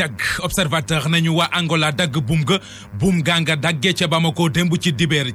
dagg observateur nañu waa Angola dagg buum ga buum gaa nga daggee ca Bamako démb ci dibéer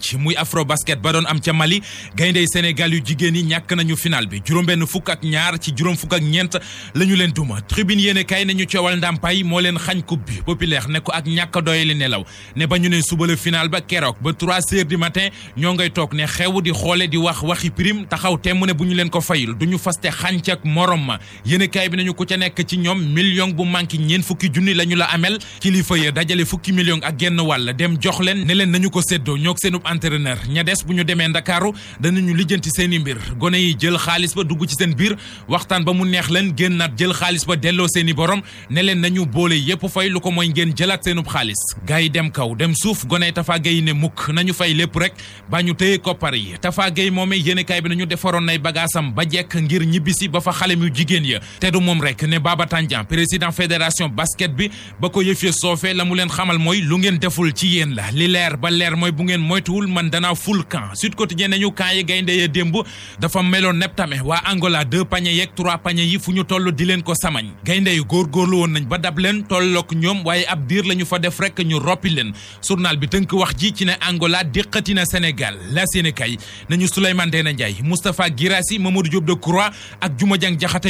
trois heures matin ñoo ngay toog ne xew di xoole di wax waxi prime taxaw temm ne bu ñu leen ko fayul du ñu faste xànc ak morom ma yéene kay bi nañu ku ca nekk ci ñoom million bu manqué ñeen fukki junni la ñu la amel kilifa ya dajale fukki million ak genn wàll dem jox leen ne leen nañu ko séddoo ñoog seenub entraîneur ña des bu ñu demee ndakaaru danañu lijjanti seen mbir gone yi jël xaalis ba dugg ci seen biir waxtaan ba mu neex leen génnaat jël xaalis ba delloo seen i borom ne leen nañu boole yépp fay lu ko mooy ngeen jëlaat seenub xaalis gars yi dem kaw dem suuf gone yi Tafa Gueye ne mukk nañu fay lépp rek ba ñu téye koppar yi Tafa Gueye moomee yéenekaay bi nañu defaroon nay bagaasam ba jekk ngir ñibbisi ba fa xale jigéen ya te du enquête bi ba ko yëfee soofee la mu leen xamal mooy lu ngeen deful ci yéen la li leer ba leer mooy bu ngeen moytuwul man danaa ful camp Sud Quotidien nañu camp yi gaynde ya démb dafa meloon nepp waa Angola deux paniers yeeg trois paniers yi fu ñu toll di leen ko samañ gaynde yu góorgóorlu woon ba dab leen tollook ñoom waaye ab diir la ñu fa def rek ñu roppi leen journal bi tënk wax ji ci ne Angola déqati na Sénégal la Sénégal nañu Souleymane Ndéné Ndiaye Moustapha Guirassy Mamadou Diop Decroix ak Juma Jang Jaxate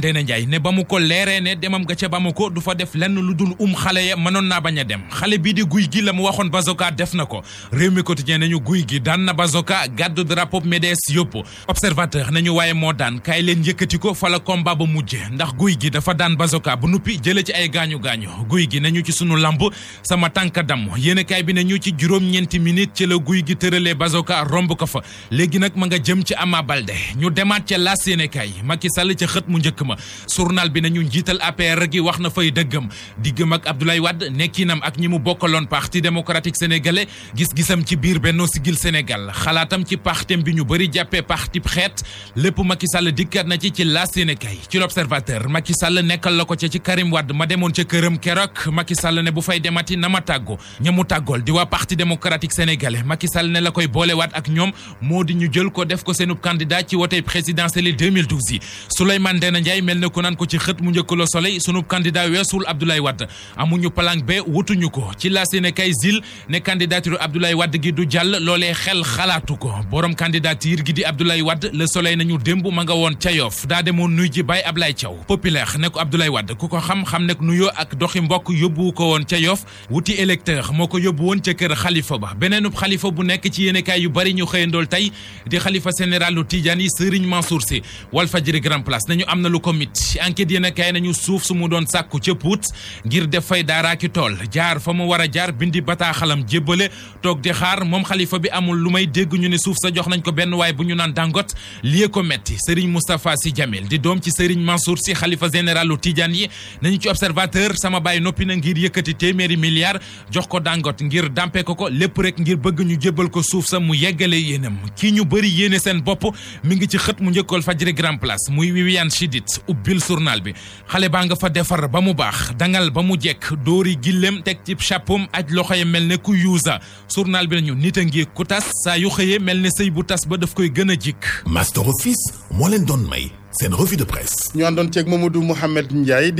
Ndeena Njaay ne ba mu ko leeree ne demam ga ca Bamako du fa def lenn lu dul um xale ya mënoon naa bañ a dem xale bii di guy gi la mu waxoon Bazoka def na ko réew mi quotidien nañu guy gi daan na Bazoka gàddu drapeau MEDES yóbbu observateur nañu waaye moo daan kaay leen yëkkati ko fa la combat ba mujje ndax guy gi dafa daan basokaa bu nuppi jële ci ay gaañu gaañu guy gi ñu ci sunu lamb sama tànka damm yéen bi bi nañu ci juróom-ñeenti minute ci la guy gi tëralee Bazoka romb ko fa léegi nag ma nga jëm ci Ama Balde ñu demaat ca laas yéen njëkk jàmm journal bi nañu njiital APR gi wax na fay dëggam diggam ak Abdoulaye Wade nekkinam ak ñi mu bokkaloon parti démocratique sénégalais gis-gisam ci biir Benno Siggil Sénégal xalaatam ci partem bi ñu bëri jàppee parti xeet lépp Macky Sall dikkat na ci ci laas yéene kay ci l'observateur Macky Sall nekkal la ko ca ci Karim Wade ma demoon ca këram keroog Macky Sall ne bu fay demati na ma tàggoo ña mu tàggool di waa parti démocratique sénégalais Macky Sall ne la koy boolewaat ak ñoom moo di ñu jël ko def ko seenub candidat ci wote présidentielle 2012 yi Souleymane Ndéné Ndiaye Abdoulaye mel na ku naan ko ci xët mu njëkk la soleil sunu candidat weesul Abdoulaye Wade amuñu plan B wutuñu ko ci la seen kay zil ne candidature Abdoulaye Wade gi du jàll loolee xel xalaatu ko borom candidature gi di Abdoulaye Wade le soleil nañu démb ma nga woon ca Yoff daa demoon nuy ji bay Ablaye Thiaw populaire ne ko Abdoulaye Wade ku ko xam-xam nek nuyoo ak doxi mbokk yóbbu ko woon ca Yoff wuti électeur moo ko yóbbu woon ca kër xalifa ba beneenub xalifa bu nekk ci yéenekaay yu bari ñu xëyandool tey di xalifa général lu Tidiane yi Serigne Mansour Sy comité enquête yéen a kaay nañu suuf su mu doon sàkku ca Pout ngir def fay daaraaki tool jaar fa mu war a jaar bindi bataaxalam jébbale toog di xaar moom xalifa bi amul lu may dégg ñu ne suuf sa jox nañ ko benn waaye bu ñu naan dàngot liee ko metti Serigne Moustapha si Djamil di doom ci Serigne Mansour si xalifa généralu tiijan yi nañu ci observateur sama bàyyi noppi na ngir yëkkati téeméeri milliard jox ko dàngot ngir dampe ko ko lépp rek ngir bëgg ñu jébbal ko suuf sa mu yeggale yéenam kii ñu bëri yéene seen bopp mi ngi ci xët mu njëkkool Fadjri Grand Place muy Thiès ubbil journal bi xale baa nga fa defar ba mu baax dangal ba mu jekk dóori gillem teg ci chapom aj loxo yi mel ne ku yuusa journal bi nañu nit a ngi ku tas saa yu xëyee mel ne sëy bu tas ba daf koy gën a jikk Master Office moo leen doon may seen revue de presse ñu àndoon ceeg Mamadou Mouhamed Ndiaye